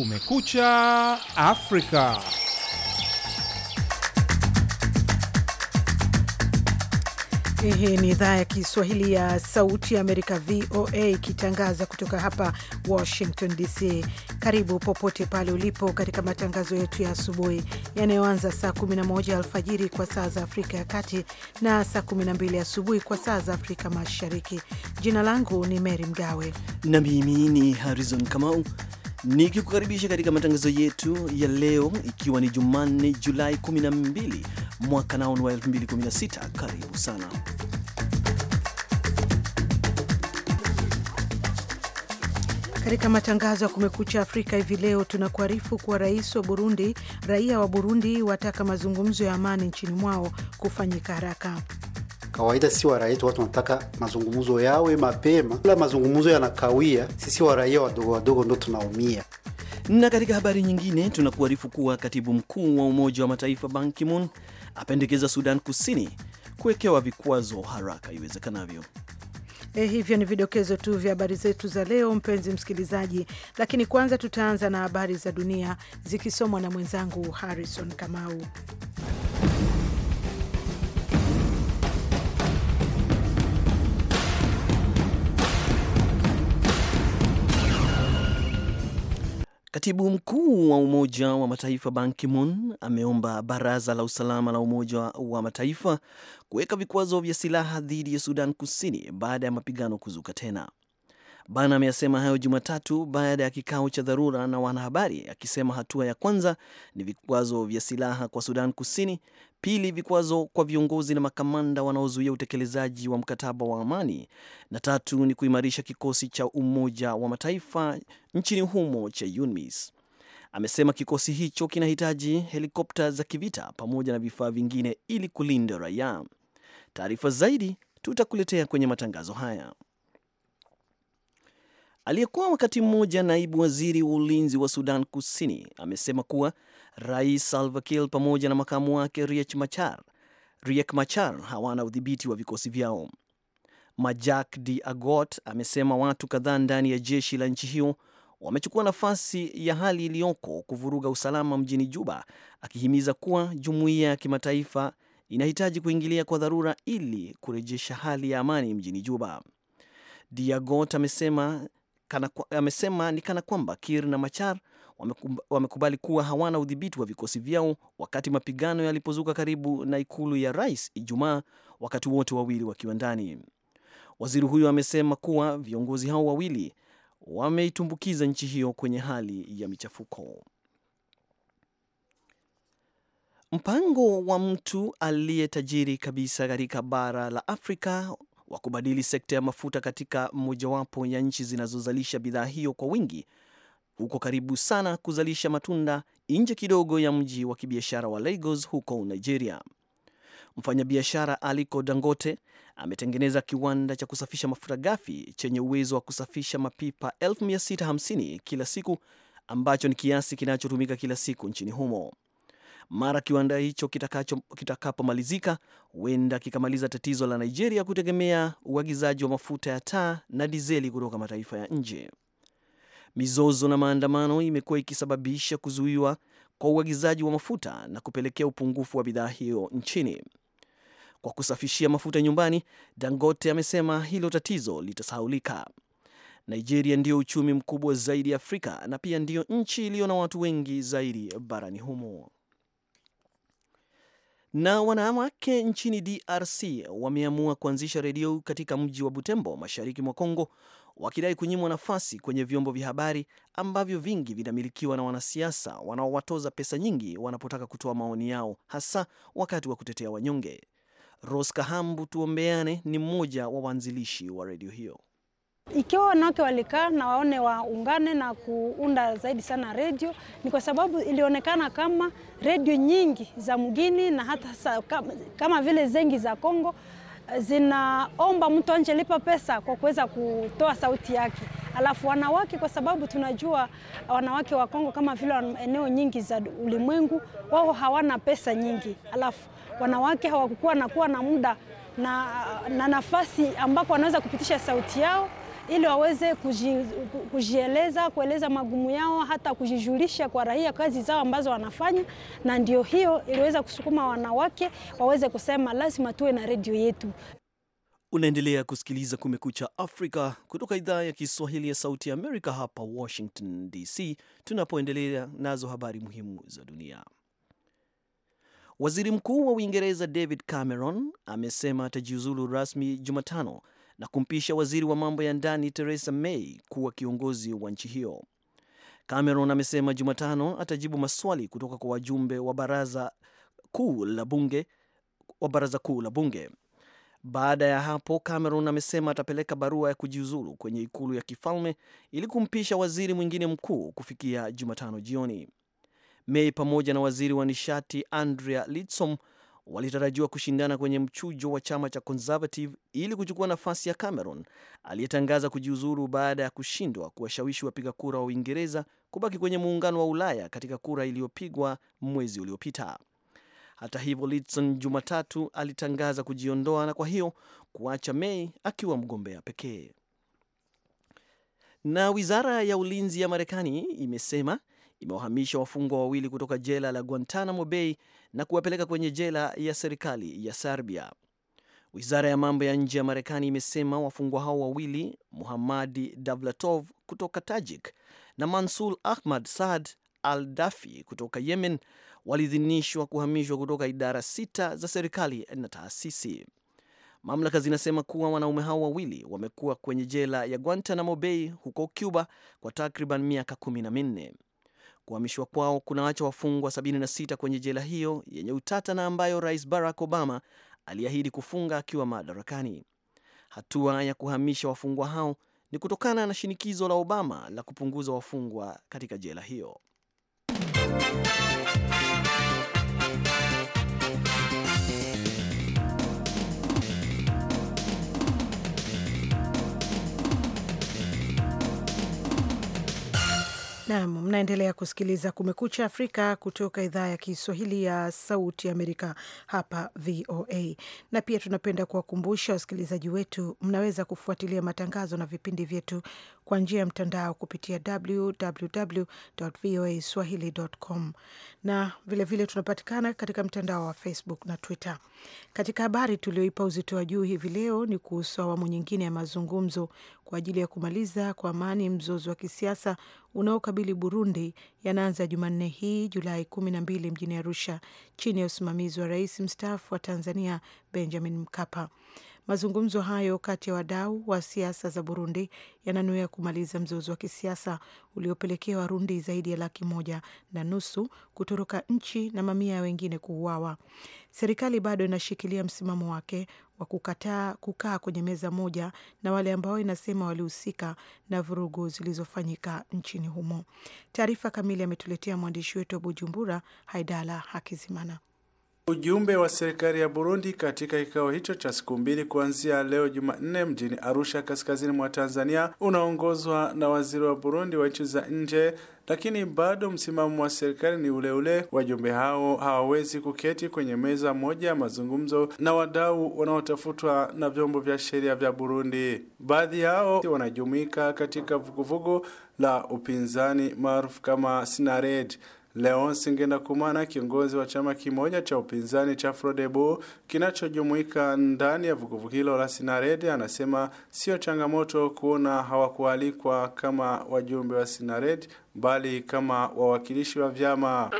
Kumekucha Afrika. Hii ni idhaa ya Kiswahili ya Sauti ya Amerika, VOA, ikitangaza kutoka hapa Washington DC. Karibu popote pale ulipo katika matangazo yetu ya asubuhi yanayoanza saa 11 alfajiri kwa saa za Afrika ya Kati na saa 12 asubuhi kwa saa za Afrika Mashariki. Jina langu ni Mary Mgawe na mimi ni Harrison Kamau nikikukaribisha katika matangazo yetu ya leo, ikiwa ni Jumanne Julai 12 mwaka ni wa 2016. Karibu sana katika matangazo ya Kumekucha Afrika hivi leo tunakuarifu kuwa rais wa Burundi, raia wa Burundi wataka mazungumzo ya amani nchini mwao kufanyika haraka. Kawaida sisi waraia watu wanataka mazungumzo yawe mapema, ila mazungumzo yanakawia, sisi waraia wadogo wadogo ndo tunaumia. Na katika habari nyingine, tunakuarifu kuwa katibu mkuu wa Umoja wa Mataifa Ban Ki-moon apendekeza Sudan Kusini kuwekewa vikwazo haraka iwezekanavyo. Eh, hivyo ni vidokezo tu vya habari zetu za leo, mpenzi msikilizaji, lakini kwanza tutaanza na habari za dunia zikisomwa na mwenzangu Harrison Kamau. Katibu mkuu wa Umoja wa Mataifa Ban Ki-moon ameomba Baraza la Usalama la Umoja wa Mataifa kuweka vikwazo vya silaha dhidi ya Sudan Kusini baada ya mapigano kuzuka tena. Bana ameyasema hayo Jumatatu baada ya kikao cha dharura na wanahabari, akisema hatua ya kwanza ni vikwazo vya silaha kwa Sudan Kusini, pili vikwazo kwa viongozi na makamanda wanaozuia utekelezaji wa mkataba wa amani, na tatu ni kuimarisha kikosi cha Umoja wa Mataifa nchini humo cha UNMISS. Amesema kikosi hicho kinahitaji helikopta za kivita pamoja na vifaa vingine ili kulinda raia. Taarifa zaidi tutakuletea kwenye matangazo haya. Aliyekuwa wakati mmoja naibu waziri wa ulinzi wa Sudan Kusini amesema kuwa Rais Salva Kiir pamoja na makamu wake Riek Machar, Riek Machar hawana udhibiti wa vikosi vyao. Majak agot amesema watu kadhaa ndani ya jeshi la nchi hiyo wamechukua nafasi ya hali iliyoko kuvuruga usalama mjini Juba, akihimiza kuwa jumuiya ya kimataifa inahitaji kuingilia kwa dharura ili kurejesha hali ya amani mjini Juba. Diagot amesema kana, amesema ni kana kwamba Kir na Machar wamekubali kuwa hawana udhibiti wa vikosi vyao wakati mapigano yalipozuka karibu na ikulu ya rais Ijumaa, wakati wote wawili wakiwa ndani. Waziri huyo amesema kuwa viongozi hao wawili wameitumbukiza nchi hiyo kwenye hali ya michafuko. Mpango wa mtu aliye tajiri kabisa katika bara la Afrika wa kubadili sekta ya mafuta katika mojawapo ya nchi zinazozalisha bidhaa hiyo kwa wingi huko karibu sana kuzalisha matunda nje kidogo ya mji wa kibiashara wa Lagos huko Nigeria. Mfanyabiashara Aliko Dangote ametengeneza kiwanda cha kusafisha mafuta ghafi chenye uwezo wa kusafisha mapipa 650 kila siku ambacho ni kiasi kinachotumika kila siku nchini humo. Mara kiwanda hicho kitakapomalizika, huenda kikamaliza tatizo la Nigeria kutegemea uagizaji wa mafuta ya taa na dizeli kutoka mataifa ya nje. Mizozo na maandamano imekuwa ikisababisha kuzuiwa kwa uagizaji wa mafuta na kupelekea upungufu wa bidhaa hiyo nchini. Kwa kusafishia mafuta nyumbani, Dangote amesema hilo tatizo litasahaulika. Nigeria ndiyo uchumi mkubwa zaidi Afrika na pia ndiyo nchi iliyo na watu wengi zaidi barani humo. Na wanawake nchini DRC wameamua kuanzisha redio katika mji wa Butembo, mashariki mwa Kongo, wakidai kunyimwa nafasi kwenye vyombo vya habari ambavyo vingi vinamilikiwa na wanasiasa wanaowatoza pesa nyingi wanapotaka kutoa maoni yao, hasa wakati wa kutetea wanyonge. Rose Kahambu Tuombeane ni mmoja wa waanzilishi wa redio hiyo. Ikiwa wanawake walikaa na waone waungane na kuunda zaidi sana redio, ni kwa sababu ilionekana kama redio nyingi za mgini na hata kama vile zengi za Kongo eh, zinaomba mtu anje lipa pesa kwa kuweza kutoa sauti yake. Alafu wanawake, kwa sababu tunajua eh, wanawake wa Kongo kama vile eneo nyingi za ulimwengu, wao hawana pesa nyingi. Alafu wanawake hawakukuwa nakuwa na muda na, eh, na nafasi ambako wanaweza kupitisha sauti yao ili waweze kujieleza kueleza magumu yao, hata kujijulisha kwa raia kazi zao ambazo wanafanya, na ndio hiyo iliweza kusukuma wanawake waweze kusema lazima tuwe na redio yetu. Unaendelea kusikiliza Kumekucha Afrika kutoka idhaa ya Kiswahili ya Sauti ya Amerika, hapa Washington DC, tunapoendelea nazo habari muhimu za dunia. Waziri Mkuu wa Uingereza David Cameron amesema atajiuzulu rasmi Jumatano na kumpisha waziri wa mambo ya ndani Theresa May kuwa kiongozi wa nchi hiyo. Cameron amesema Jumatano atajibu maswali kutoka kwa wajumbe wa baraza kuu la bunge wa baraza kuu la bunge. Baada ya hapo, Cameron amesema atapeleka barua ya kujiuzulu kwenye ikulu ya kifalme ili kumpisha waziri mwingine mkuu kufikia Jumatano jioni. May pamoja na waziri wa nishati Andrea Litsom walitarajiwa kushindana kwenye mchujo wa chama cha Conservative ili kuchukua nafasi ya Cameron aliyetangaza kujiuzuru baada ya kushindwa kuwashawishi wapiga kura wa Uingereza kubaki kwenye muungano wa Ulaya katika kura iliyopigwa mwezi uliopita. Hata hivyo, Litson Jumatatu alitangaza kujiondoa na kwa hiyo kuacha Mei akiwa mgombea pekee. Na wizara ya ulinzi ya Marekani imesema imewahamisha wafungwa wawili kutoka jela la Guantanamo Bay na kuwapeleka kwenye jela ya serikali ya Serbia. Wizara ya mambo ya nje ya Marekani imesema wafungwa hao wawili Muhammadi Davlatov kutoka Tajik na Mansul Ahmad Saad al Dafi kutoka Yemen walidhinishwa kuhamishwa kutoka idara sita za serikali na taasisi. Mamlaka zinasema kuwa wanaume hao wawili wamekuwa kwenye jela ya Guantanamo Bay huko Cuba kwa takriban miaka kumi na minne. Kuhamishwa kwao kunaacha wafungwa 76 kwenye jela hiyo yenye utata na ambayo Rais Barack Obama aliahidi kufunga akiwa madarakani. Hatua ya kuhamisha wafungwa hao ni kutokana na shinikizo la Obama la kupunguza wafungwa katika jela hiyo. Naam, mnaendelea kusikiliza Kumekucha Afrika kutoka idhaa ya Kiswahili ya Sauti Amerika hapa VOA. Na pia tunapenda kuwakumbusha wasikilizaji wetu, mnaweza kufuatilia matangazo na vipindi vyetu kwa njia ya mtandao kupitia swahilicom na vilevile vile tunapatikana katika mtandao wa Facebook na Twitter. Katika habari tulioipa uzito wa juu hivi leo ni kuhusu awamu nyingine ya mazungumzo kwa ajili ya kumaliza kwa amani mzozo wa kisiasa unaokabili Burundi yanaanza Jumanne hii Julai kumi na mbili mjini Arusha chini ya usimamizi wa rais mstaafu wa Tanzania Benjamin Mkapa. Mazungumzo hayo kati ya wadau wa siasa za Burundi yananuia kumaliza mzozo wa kisiasa uliopelekea Warundi zaidi ya laki moja na nusu kutoroka nchi na mamia wengine kuuawa. Serikali bado inashikilia msimamo wake wa kukataa kukaa kwenye meza moja na wale ambao inasema walihusika na vurugu zilizofanyika nchini humo. Taarifa kamili ametuletea mwandishi wetu wa Bujumbura, Haidala Hakizimana. Ujumbe wa serikali ya Burundi katika kikao hicho cha siku mbili kuanzia leo Jumanne mjini Arusha kaskazini mwa Tanzania unaongozwa na waziri wa Burundi wa nchi za nje, lakini bado msimamo wa serikali ni ule ule. Wajumbe hao hawawezi kuketi kwenye meza moja ya mazungumzo na wadau wanaotafutwa na vyombo vya sheria vya Burundi. Baadhi yao wanajumuika katika vuguvugu la upinzani maarufu kama Sinared. Leonce Ngendakumana, kiongozi wa chama kimoja cha upinzani cha Frodebu kinachojumuika ndani ya vuguvu hilo la Sinarede, anasema sio changamoto kuona hawakualikwa kama wajumbe wa Sinarede bali kama wawakilishi wa vyama.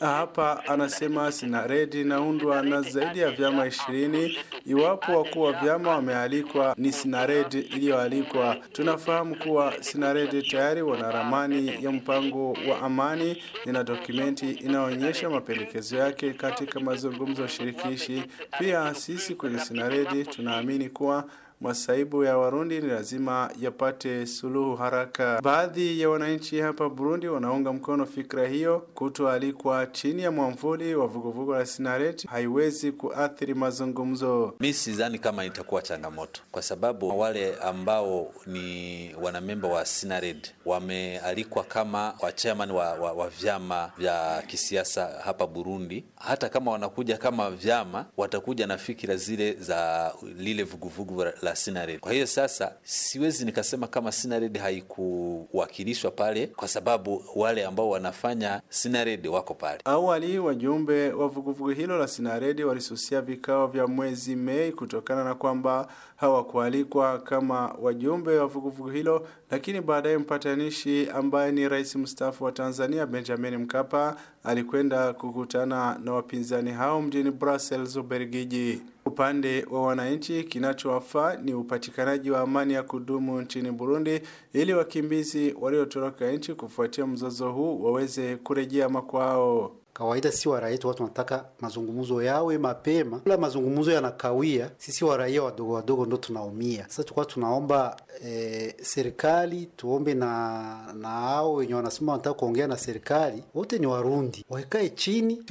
Hapa anasema sinaredi inaundwa na zaidi ya vyama ishirini. Iwapo wakuu wa vyama wamealikwa, ni sinaredi iliyoalikwa. Tunafahamu kuwa sinaredi tayari wana ramani ya mpango wa amani, ina dokumenti inayoonyesha mapendekezo yake katika mazungumzo shirikishi. Pia sisi kwenye sinaredi tunaamini kuwa masaibu ya Warundi ni lazima yapate suluhu haraka. Baadhi ya wananchi hapa Burundi wanaunga mkono fikra hiyo. Kutoalikwa chini ya mwamvuli wa vuguvugu la Sinareti haiwezi kuathiri mazungumzo. Mi sidhani kama itakuwa changamoto, kwa sababu wale ambao ni wanamemba wa Sinared wamealikwa kama wachairman wa, wa, wa vyama vya kisiasa hapa Burundi. Hata kama wanakuja kama vyama, watakuja na fikira zile za lile vuguvugu la la Sinared. Kwa hiyo sasa siwezi nikasema kama Sinared haikuwakilishwa pale, kwa sababu wale ambao wanafanya Sinared wako pale. Awali wajumbe wa vuguvugu hilo la Sinared walisusia vikao vya mwezi Mei kutokana na kwamba hawakualikwa kama wajumbe wa vuguvugu hilo, lakini baadaye mpatanishi ambaye ni rais mstaafu wa Tanzania Benjamin Mkapa alikwenda kukutana na wapinzani hao mjini Brussels, Ubelgiji. Upande wa wananchi, kinachowafaa ni upatikanaji wa amani ya kudumu nchini Burundi ili wakimbizi waliotoroka nchi kufuatia mzozo huu waweze kurejea makwao. Kawaida si wa raia watu wanataka mazungumzo yawe mapema, la mazungumzo yanakawia, sisi raia wadogo wadogo ndo tunaumia. Sasa tukuwa tunaomba e, serikali tuombe na na hao wenye wanasema wanataka kuongea na serikali, wote ni Warundi, waikae chini,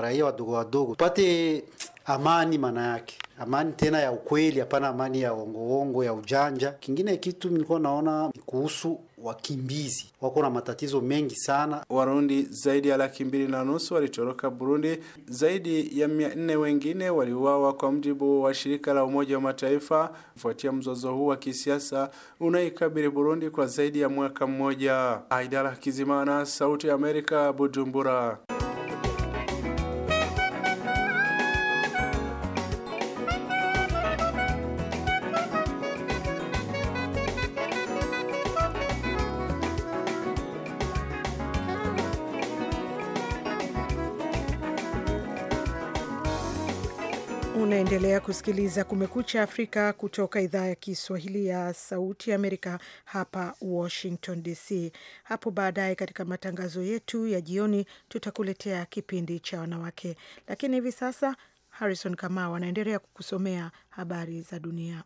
raia wadogo wadogo tupate amani, maana yake amani tena ya ukweli, hapana amani ya uongo uongo ya ujanja. Kingine kitu nilikuwa naona ni kuhusu wakimbizi wako na matatizo mengi sana. Warundi zaidi ya laki mbili na nusu walitoroka Burundi, zaidi ya mia nne wengine waliuawa kwa mjibu wa shirika la Umoja wa Mataifa kufuatia mzozo huu wa kisiasa unaikabili Burundi kwa zaidi ya mwaka mmoja. Aidara Kizimana, Sauti ya Amerika, Bujumbura. kusikiliza Kumekucha Afrika kutoka idhaa ya Kiswahili ya Sauti ya Amerika hapa Washington DC. Hapo baadaye katika matangazo yetu ya jioni tutakuletea kipindi cha wanawake, lakini hivi sasa Harrison Kamau anaendelea kukusomea habari za dunia.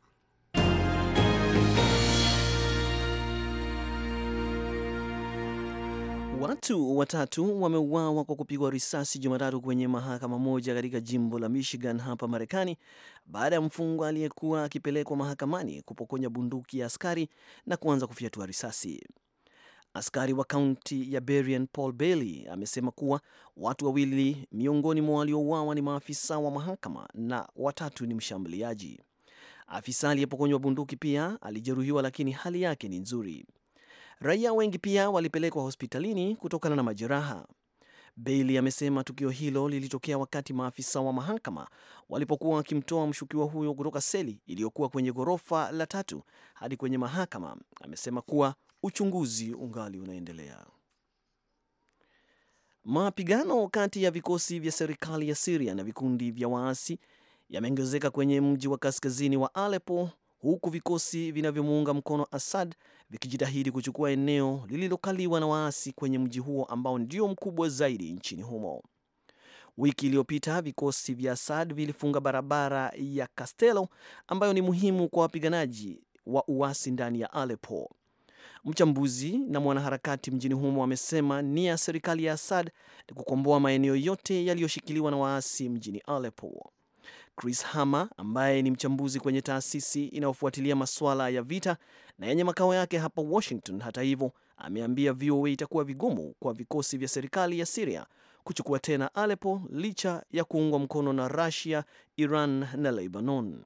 Watu watatu wameuawa kwa kupigwa risasi Jumatatu kwenye mahakama moja katika jimbo la Michigan hapa Marekani baada ya mfungwa aliyekuwa akipelekwa mahakamani kupokonya bunduki ya askari na kuanza kufyatua risasi. Askari wa kaunti ya Berrien Paul Bailey amesema kuwa watu wawili miongoni mwa waliouawa ni maafisa wa mahakama na watatu ni mshambuliaji. Afisa aliyepokonywa bunduki pia alijeruhiwa, lakini hali yake ni nzuri. Raia wengi pia walipelekwa hospitalini kutokana na majeraha. Bailey amesema tukio hilo lilitokea wakati maafisa wa mahakama walipokuwa wakimtoa mshukiwa huyo kutoka seli iliyokuwa kwenye ghorofa la tatu hadi kwenye mahakama. Amesema kuwa uchunguzi ungali unaendelea. Mapigano kati ya vikosi vya serikali ya Siria na vikundi vya waasi yameongezeka kwenye mji wa kaskazini wa Alepo huku vikosi vinavyomuunga mkono Assad vikijitahidi kuchukua eneo lililokaliwa na waasi kwenye mji huo ambao ndio mkubwa zaidi nchini humo. Wiki iliyopita vikosi vya Assad vilifunga barabara ya Castello ambayo ni muhimu kwa wapiganaji wa uasi ndani ya Aleppo. Mchambuzi na mwanaharakati mjini humo amesema nia ya serikali ya Assad ni kukomboa maeneo yote yaliyoshikiliwa na waasi mjini Aleppo. Chris Hammer ambaye ni mchambuzi kwenye taasisi inayofuatilia masuala ya vita na yenye makao yake hapa Washington. Hata hivyo, ameambia VOA itakuwa vigumu kwa vikosi vya serikali ya siria kuchukua tena Aleppo licha ya kuungwa mkono na Russia, Iran na Lebanon.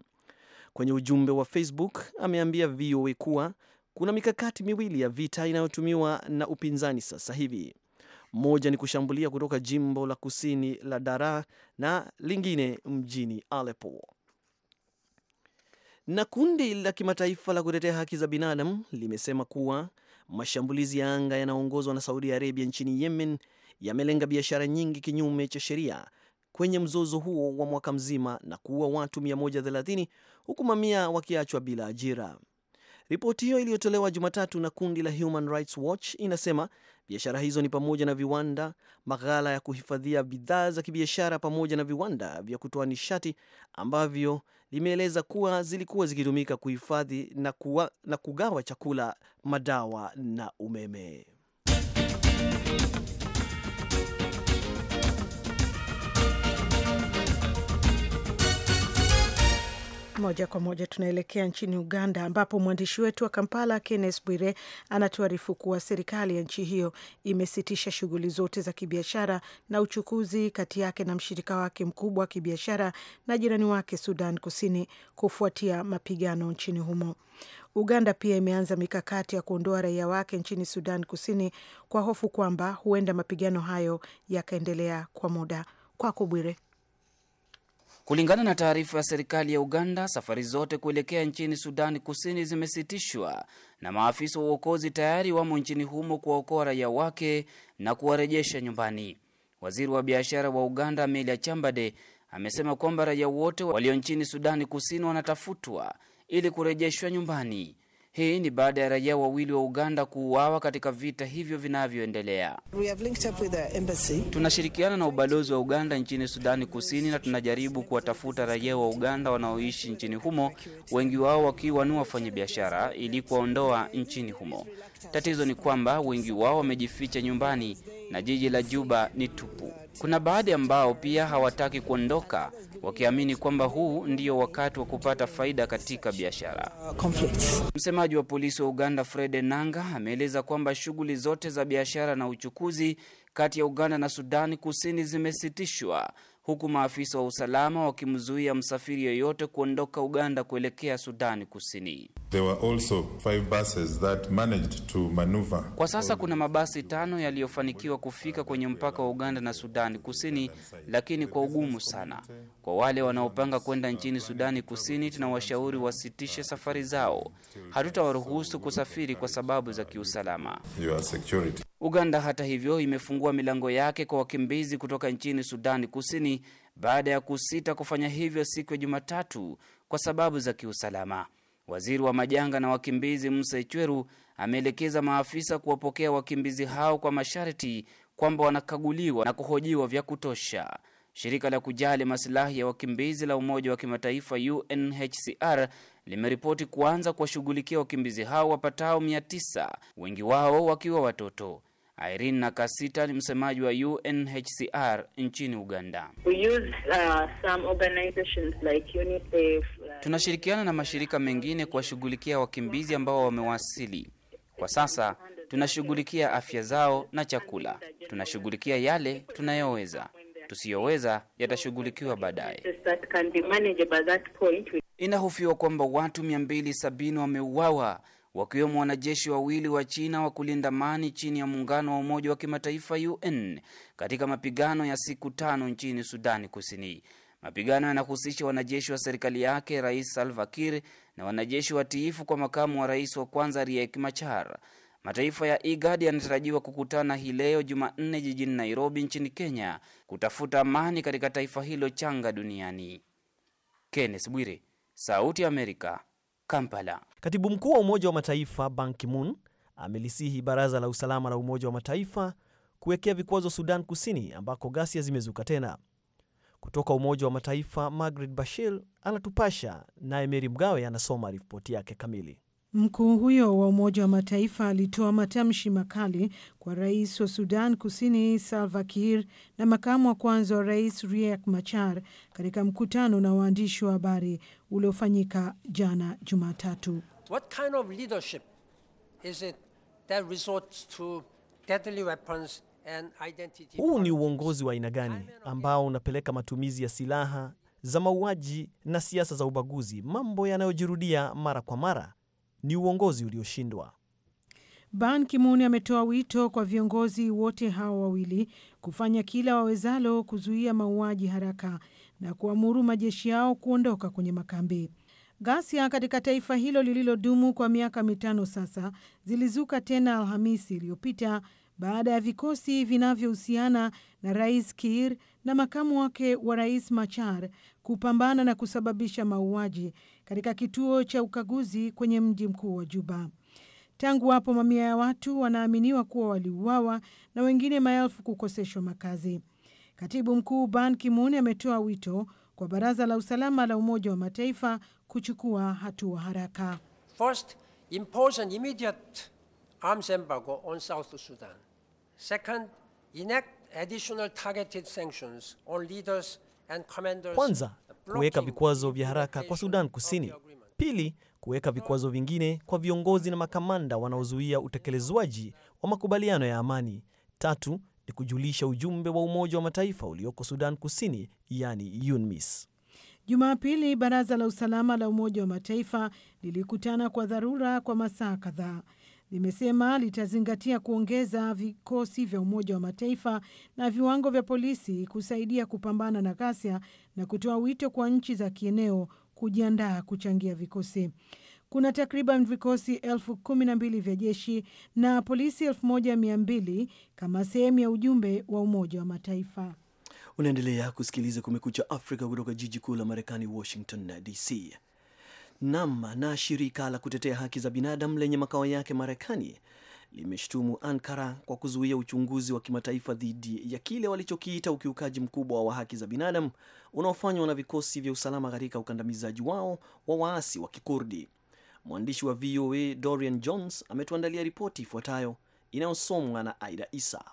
Kwenye ujumbe wa Facebook ameambia VOA kuwa kuna mikakati miwili ya vita inayotumiwa na upinzani sasa hivi. Moja ni kushambulia kutoka jimbo la kusini la Daraa na lingine mjini Aleppo. Na kundi la kimataifa la kutetea haki za binadamu limesema kuwa mashambulizi ya anga yanaongozwa na Saudi Arabia nchini Yemen yamelenga biashara nyingi kinyume cha sheria kwenye mzozo huo wa mwaka mzima na kuua watu 130 huku mamia wakiachwa bila ajira. Ripoti hiyo iliyotolewa Jumatatu na kundi la Human Rights Watch inasema biashara hizo ni pamoja na viwanda, maghala ya kuhifadhia bidhaa za kibiashara, pamoja na viwanda vya kutoa nishati ambavyo limeeleza kuwa zilikuwa zikitumika kuhifadhi na, na kugawa chakula, madawa na umeme. Moja kwa moja tunaelekea nchini Uganda, ambapo mwandishi wetu wa Kampala, Kennes Bwire, anatuarifu kuwa serikali ya nchi hiyo imesitisha shughuli zote za kibiashara na uchukuzi kati yake na mshirika wake mkubwa wa kibiashara na jirani wake Sudan Kusini kufuatia mapigano nchini humo. Uganda pia imeanza mikakati ya kuondoa raia wake nchini Sudan Kusini kwa hofu kwamba huenda mapigano hayo yakaendelea kwa muda. Kwako Bwire. Kulingana na taarifa ya serikali ya Uganda, safari zote kuelekea nchini Sudani Kusini zimesitishwa na maafisa wa uokozi tayari wamo nchini humo kuwaokoa raia wake na kuwarejesha nyumbani. Waziri wa biashara wa Uganda Amelia Chambade amesema kwamba raia wote walio nchini Sudani Kusini wanatafutwa ili kurejeshwa nyumbani. Hii ni baada ya raia wawili wa Uganda kuuawa katika vita hivyo vinavyoendelea. Tunashirikiana na ubalozi wa Uganda nchini Sudani Kusini na tunajaribu kuwatafuta raia wa Uganda wanaoishi nchini humo, wengi wao wakiwa ni wafanyabiashara, ili kuwaondoa nchini humo. Tatizo ni kwamba wengi wao wamejificha nyumbani na jiji la Juba ni tupu. Kuna baadhi ambao pia hawataki kuondoka wakiamini kwamba huu ndio wakati wa kupata faida katika biashara. Msemaji wa polisi wa Uganda Fred Enanga ameeleza kwamba shughuli zote za biashara na uchukuzi kati ya Uganda na Sudani Kusini zimesitishwa huku maafisa wa usalama wakimzuia msafiri yoyote kuondoka Uganda kuelekea Sudani Kusini. There were also five buses that managed to maneuver. Kwa sasa kuna mabasi tano yaliyofanikiwa kufika kwenye mpaka wa Uganda na Sudani Kusini, lakini kwa ugumu sana. Kwa wale wanaopanga kwenda nchini Sudani Kusini, tunawashauri wasitishe safari zao. Hatutawaruhusu kusafiri kwa sababu za kiusalama. Your security. Uganda hata hivyo imefungua milango yake kwa wakimbizi kutoka nchini Sudani Kusini baada ya kusita kufanya hivyo siku ya Jumatatu kwa sababu za kiusalama. Waziri wa majanga na wakimbizi Musa Ichweru ameelekeza maafisa kuwapokea wakimbizi hao kwa masharti kwamba wanakaguliwa na kuhojiwa vya kutosha. Shirika la kujali masilahi ya wakimbizi la Umoja wa Kimataifa UNHCR limeripoti kuanza kuwashughulikia wakimbizi hao wapatao 900 wengi wao wakiwa watoto. Irene Nakasita ni msemaji wa UNHCR nchini Uganda. We use, uh, some organizations like UNICEF. Uh, Tunashirikiana na mashirika mengine kuwashughulikia wakimbizi ambao wamewasili. Kwa sasa tunashughulikia afya zao na chakula. Tunashughulikia yale tunayoweza, tusiyoweza yatashughulikiwa baadaye. Inahofiwa kwamba watu 270 wameuawa wakiwemo wanajeshi wawili wa China wa kulinda amani chini ya muungano wa umoja wa kimataifa UN katika mapigano ya siku tano nchini Sudani Kusini. Mapigano yanahusisha wanajeshi wa serikali yake Rais Salva Kiir na wanajeshi watiifu kwa makamu wa rais wa kwanza Riek Machar. Mataifa ya IGAD yanatarajiwa kukutana hii leo Jumanne jijini Nairobi nchini Kenya kutafuta amani katika taifa hilo changa duniani. Kenneth Bwire, Sauti ya Amerika, Kampala. Katibu mkuu wa Umoja wa Mataifa Ban Ki-moon amelisihi Baraza la Usalama la Umoja wa Mataifa kuwekea vikwazo Sudan Kusini ambako ghasia zimezuka tena. Kutoka Umoja wa Mataifa, Margaret Bashir anatupasha, naye Meri Mgawe anasoma ripoti yake kamili. Mkuu huyo wa Umoja wa Mataifa alitoa matamshi makali kwa rais wa Sudan Kusini Salva Kiir na makamu wa kwanza wa rais Riek Machar katika mkutano na waandishi wa habari uliofanyika jana Jumatatu. What kind of leadership is it that resorts to deadly weapons and identity? Huu ni uongozi wa aina gani ambao unapeleka matumizi ya silaha za mauaji na siasa za ubaguzi, mambo yanayojirudia mara kwa mara ni uongozi ulioshindwa. Ban Ki-moon ametoa wito kwa viongozi wote hao wawili kufanya kila wawezalo kuzuia mauaji haraka na kuamuru majeshi yao kuondoka kwenye makambi. Ghasia katika taifa hilo lililodumu kwa miaka mitano sasa zilizuka tena Alhamisi iliyopita baada ya vikosi vinavyohusiana na Rais Kiir na makamu wake wa rais Machar kupambana na kusababisha mauaji katika kituo cha ukaguzi kwenye mji mkuu wa Juba. Tangu hapo mamia ya watu wanaaminiwa kuwa waliuawa na wengine maelfu kukoseshwa makazi. Katibu mkuu Ban Ki-moon ametoa wito kwa baraza la usalama la Umoja wa Mataifa kuchukua hatua haraka. First, impose an immediate arms embargo on South Sudan. Second, enact additional targeted sanctions on leaders and commanders. Kwanza, kuweka vikwazo vya haraka kwa Sudan Kusini. Pili, kuweka vikwazo vingine kwa viongozi na makamanda wanaozuia utekelezwaji wa makubaliano ya amani. Tatu, ni kujulisha ujumbe wa Umoja wa Mataifa ulioko Sudan Kusini, yani UNMISS. Jumapili, Baraza la Usalama la Umoja wa Mataifa lilikutana kwa dharura kwa masaa kadhaa limesema litazingatia kuongeza vikosi vya Umoja wa Mataifa na viwango vya polisi kusaidia kupambana na ghasia na kutoa wito kwa nchi za kieneo kujiandaa kuchangia vikosi. Kuna takriban vikosi elfu kumi na mbili vya jeshi na polisi elfu moja mia mbili kama sehemu ya ujumbe wa Umoja wa Mataifa. Unaendelea kusikiliza Kumekucha Afrika kutoka jiji kuu la Marekani, Washington DC. Nam na shirika la kutetea haki za binadamu lenye makao yake Marekani limeshtumu Ankara kwa kuzuia uchunguzi wa kimataifa dhidi ya kile walichokiita ukiukaji mkubwa wa haki za binadamu unaofanywa na vikosi vya usalama katika ukandamizaji wao wa waasi wa Kikurdi. Mwandishi wa VOA Dorian Jones ametuandalia ripoti ifuatayo inayosomwa na Aida Isa.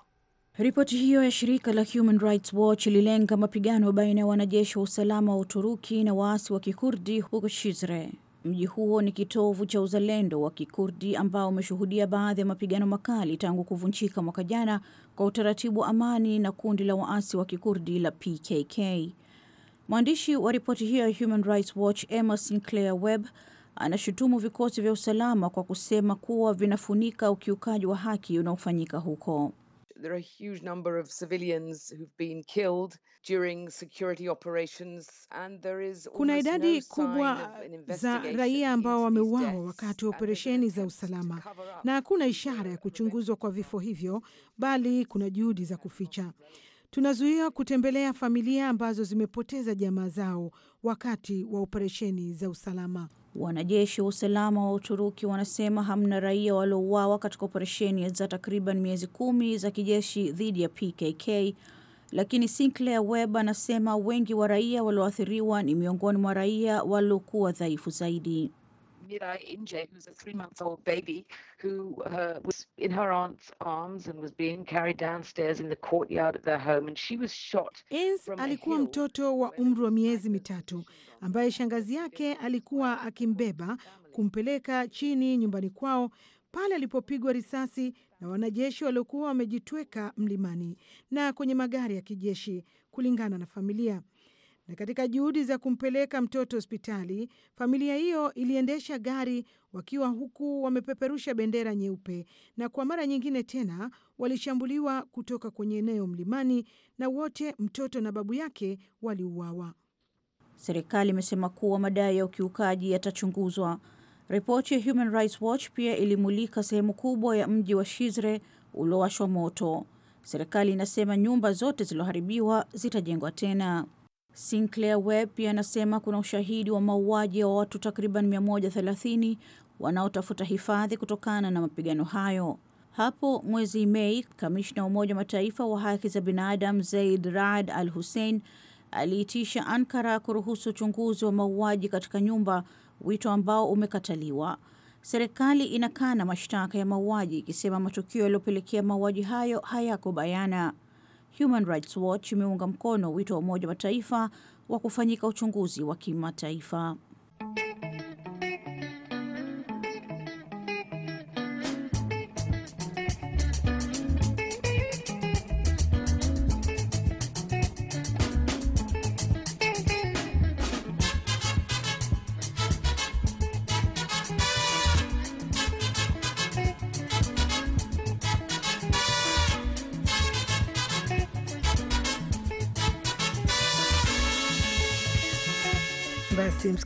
Ripoti hiyo ya shirika la Human Rights Watch ililenga mapigano baina ya wanajeshi wa usalama wa Uturuki na waasi wa Kikurdi huko Shizre. Mji huo ni kitovu cha uzalendo wa Kikurdi ambao umeshuhudia baadhi ya mapigano makali tangu kuvunjika mwaka jana kwa utaratibu wa amani na kundi la waasi wa Kikurdi la PKK. Mwandishi wa ripoti hiyo ya Human Rights Watch Emma Sinclair Webb anashutumu vikosi vya usalama kwa kusema kuwa vinafunika ukiukaji wa haki unaofanyika huko. There are a huge number of civilians who've been killed during security operations and there is kuna idadi no kubwa uh, za raia ambao wameuawa wakati wa operesheni za usalama, na hakuna ishara ya kuchunguzwa kwa vifo hivyo, bali kuna juhudi za kuficha. Tunazuia kutembelea familia ambazo zimepoteza jamaa zao wakati wa operesheni za usalama. Wanajeshi wa usalama wa Uturuki wanasema hamna raia waliouawa katika operesheni za takriban miezi kumi za kijeshi dhidi ya PKK, lakini Sinclair Webb anasema wengi wa raia walioathiriwa ni miongoni mwa raia waliokuwa dhaifu zaidi. who's a three-month-old baby who uh, was in her aunt's arms and was being carried downstairs in the courtyard their home and she was shot. alikuwa mtoto wa umri wa miezi mitatu ambaye shangazi yake alikuwa akimbeba kumpeleka chini nyumbani kwao pale alipopigwa risasi na wanajeshi waliokuwa wamejitweka mlimani na kwenye magari ya kijeshi, kulingana na familia. Na katika juhudi za kumpeleka mtoto hospitali, familia hiyo iliendesha gari wakiwa huku wamepeperusha bendera nyeupe, na kwa mara nyingine tena walishambuliwa kutoka kwenye eneo mlimani, na wote mtoto na babu yake waliuawa. Serikali imesema kuwa madai ya ukiukaji yatachunguzwa. Ripoti ya Human Rights Watch pia ilimulika sehemu kubwa ya mji wa Shizre uliowashwa moto. Serikali inasema nyumba zote zilizoharibiwa zitajengwa tena. Sinclair Webb pia anasema kuna ushahidi wa mauaji ya watu takriban 130 wanaotafuta hifadhi kutokana na mapigano hayo. Hapo mwezi Mei, kamishna wa Umoja wa Mataifa wa haki za binadamu Zaid Raad Al Hussein aliitisha Ankara kuruhusu uchunguzi wa mauaji katika nyumba, wito ambao umekataliwa. Serikali inakana mashtaka ya mauaji ikisema matukio yaliyopelekea mauaji hayo hayako bayana. Human Rights Watch imeunga mkono wito wa Umoja wa Mataifa wa kufanyika uchunguzi wa kimataifa.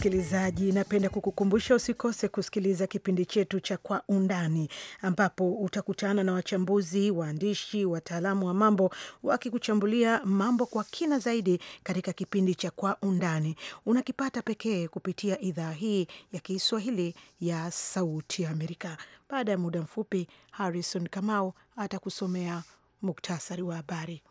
msikilizaji, napenda kukukumbusha usikose kusikiliza kipindi chetu cha Kwa Undani, ambapo utakutana na wachambuzi, waandishi, wataalamu wa mambo wakikuchambulia mambo kwa kina zaidi katika kipindi cha Kwa Undani. Unakipata pekee kupitia idhaa hii ya Kiswahili ya Sauti Amerika. Baada ya muda mfupi, Harrison Kamau atakusomea muktasari wa habari.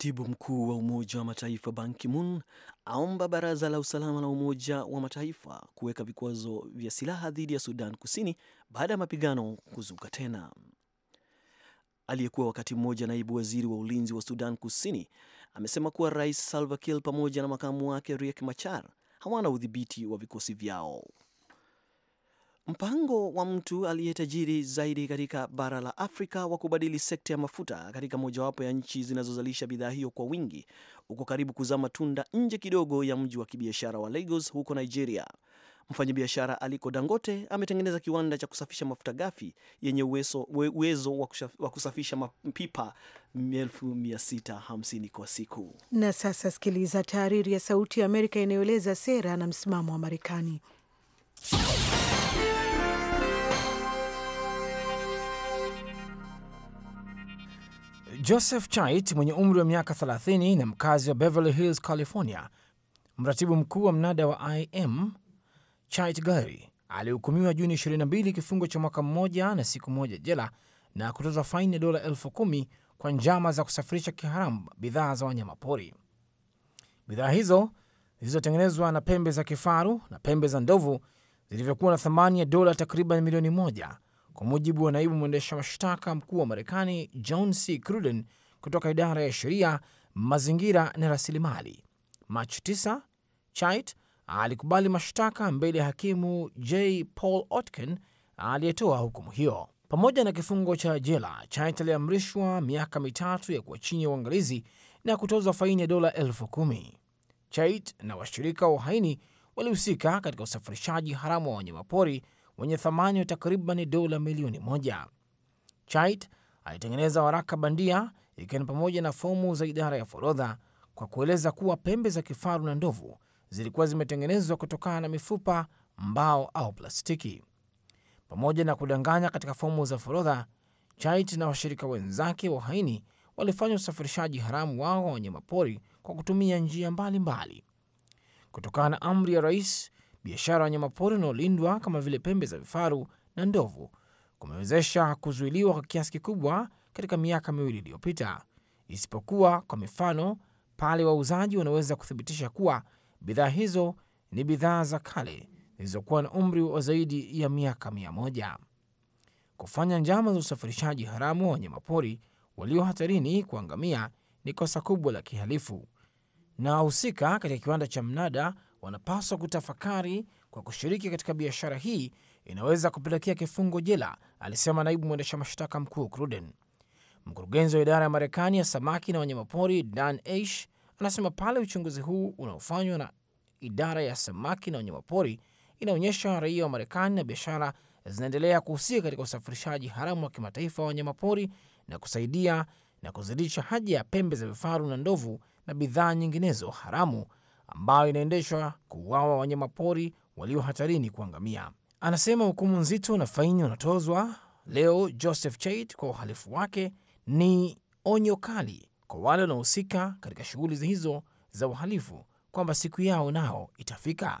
Katibu mkuu wa Umoja wa Mataifa Ban Ki-moon aomba Baraza la Usalama la Umoja wa Mataifa kuweka vikwazo vya silaha dhidi ya Sudan Kusini baada ya mapigano kuzuka tena. Aliyekuwa wakati mmoja naibu waziri wa ulinzi wa Sudan Kusini amesema kuwa Rais Salva Kiir pamoja na makamu wake Riek Machar hawana udhibiti wa vikosi vyao. Mpango wa mtu aliye tajiri zaidi katika bara la Afrika wa kubadili sekta ya mafuta katika mojawapo ya nchi zinazozalisha bidhaa hiyo kwa wingi uko karibu kuzaa matunda nje kidogo ya mji wa kibiashara wa Lagos huko Nigeria. Mfanyabiashara Aliko Dangote ametengeneza kiwanda cha kusafisha mafuta gafi yenye uwezo, uwezo wa kusafisha mapipa 650 kwa siku. Na sasa sikiliza tahariri ya Sauti ya Amerika inayoeleza sera na msimamo wa Marekani. Joseph Chait mwenye umri wa miaka 30 na mkazi wa Beverly Hills, California, mratibu mkuu wa mnada wa IM Chait Gari alihukumiwa Juni 22 kifungo cha mwaka mmoja na siku moja jela na kutozwa faini ya dola elfu kumi kwa njama za kusafirisha kiharamu bidhaa za wanyamapori. Bidhaa hizo zilizotengenezwa na pembe za kifaru na pembe za ndovu zilivyokuwa na thamani ya dola takriban milioni moja kwa mujibu wa naibu mwendesha mashtaka mkuu wa Marekani John C. Cruden kutoka idara ya sheria, mazingira na rasilimali. Machi 9 Chait alikubali mashtaka mbele ya hakimu J. Paul Otken aliyetoa hukumu hiyo. Pamoja na kifungo cha jela, Chait aliamrishwa miaka mitatu ya kuwa chini ya uangalizi na kutozwa faini ya dola elfu kumi. Chait na washirika wa uhaini walihusika katika usafirishaji haramu wa wanyamapori wenye thamani ya takriban dola milioni moja. Chait alitengeneza waraka bandia ikiwa ni pamoja na fomu za idara ya forodha kwa kueleza kuwa pembe za kifaru na ndovu zilikuwa zimetengenezwa kutokana na mifupa, mbao au plastiki. Pamoja na kudanganya katika fomu za forodha, Chait na washirika wenzake wa uhaini walifanya usafirishaji haramu wao wa wanyamapori kwa kutumia njia mbalimbali. Kutokana na amri ya rais biashara ya wanyamapori wanaolindwa kama vile pembe za vifaru na ndovu kumewezesha kuzuiliwa kwa kiasi kikubwa katika miaka miwili iliyopita, isipokuwa kwa mifano pale wauzaji wanaweza kuthibitisha kuwa bidhaa hizo ni bidhaa za kale zilizokuwa na umri wa zaidi ya miaka mia moja. Kufanya njama za usafirishaji haramu wa wanyamapori walio hatarini kuangamia ni kosa kubwa la kihalifu, na wahusika katika kiwanda cha mnada wanapaswa kutafakari kwa kushiriki katika biashara hii inaweza kupelekea kifungo jela, alisema naibu mwendesha mashtaka mkuu Cruden. Mkurugenzi wa idara ya Marekani ya samaki na wanyamapori Dan Eish anasema pale uchunguzi huu unaofanywa na idara ya samaki na wanyamapori inaonyesha raia wa Marekani na biashara zinaendelea kuhusika katika usafirishaji haramu wa kimataifa wa wanyamapori na kusaidia na kuzidisha haja ya pembe za vifaru na ndovu na bidhaa nyinginezo haramu ambayo inaendeshwa kuuawa wanyamapori walio hatarini kuangamia. Anasema hukumu nzito na faini wanatozwa leo Joseph Chait kwa uhalifu wake ni onyo kali kwa wale wanaohusika katika shughuli hizo za uhalifu kwamba siku yao nao itafika.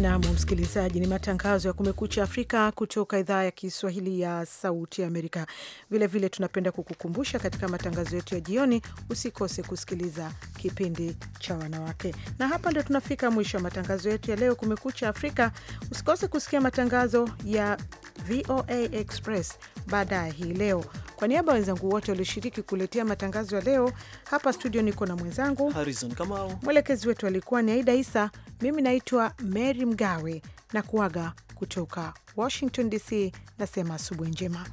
Nam msikilizaji, ni matangazo ya Kumekucha Afrika kutoka idhaa ya Kiswahili ya Sauti Amerika. Vilevile tunapenda kukukumbusha katika matangazo yetu ya jioni, usikose kusikiliza kipindi cha wanawake. Na hapa ndio tunafika mwisho wa matangazo yetu ya leo, Kumekucha Afrika. Usikose kusikia matangazo ya VOA Express baadaye hii leo. Kwa niaba ya wenzangu wote walioshiriki kuletea matangazo ya leo hapa studio, niko na mwenzangu Harrison Kamau, mwelekezi wetu alikuwa ni Aida Isa, mimi naitwa Mary Mgawe na kuaga kutoka Washington DC, nasema asubuhi njema.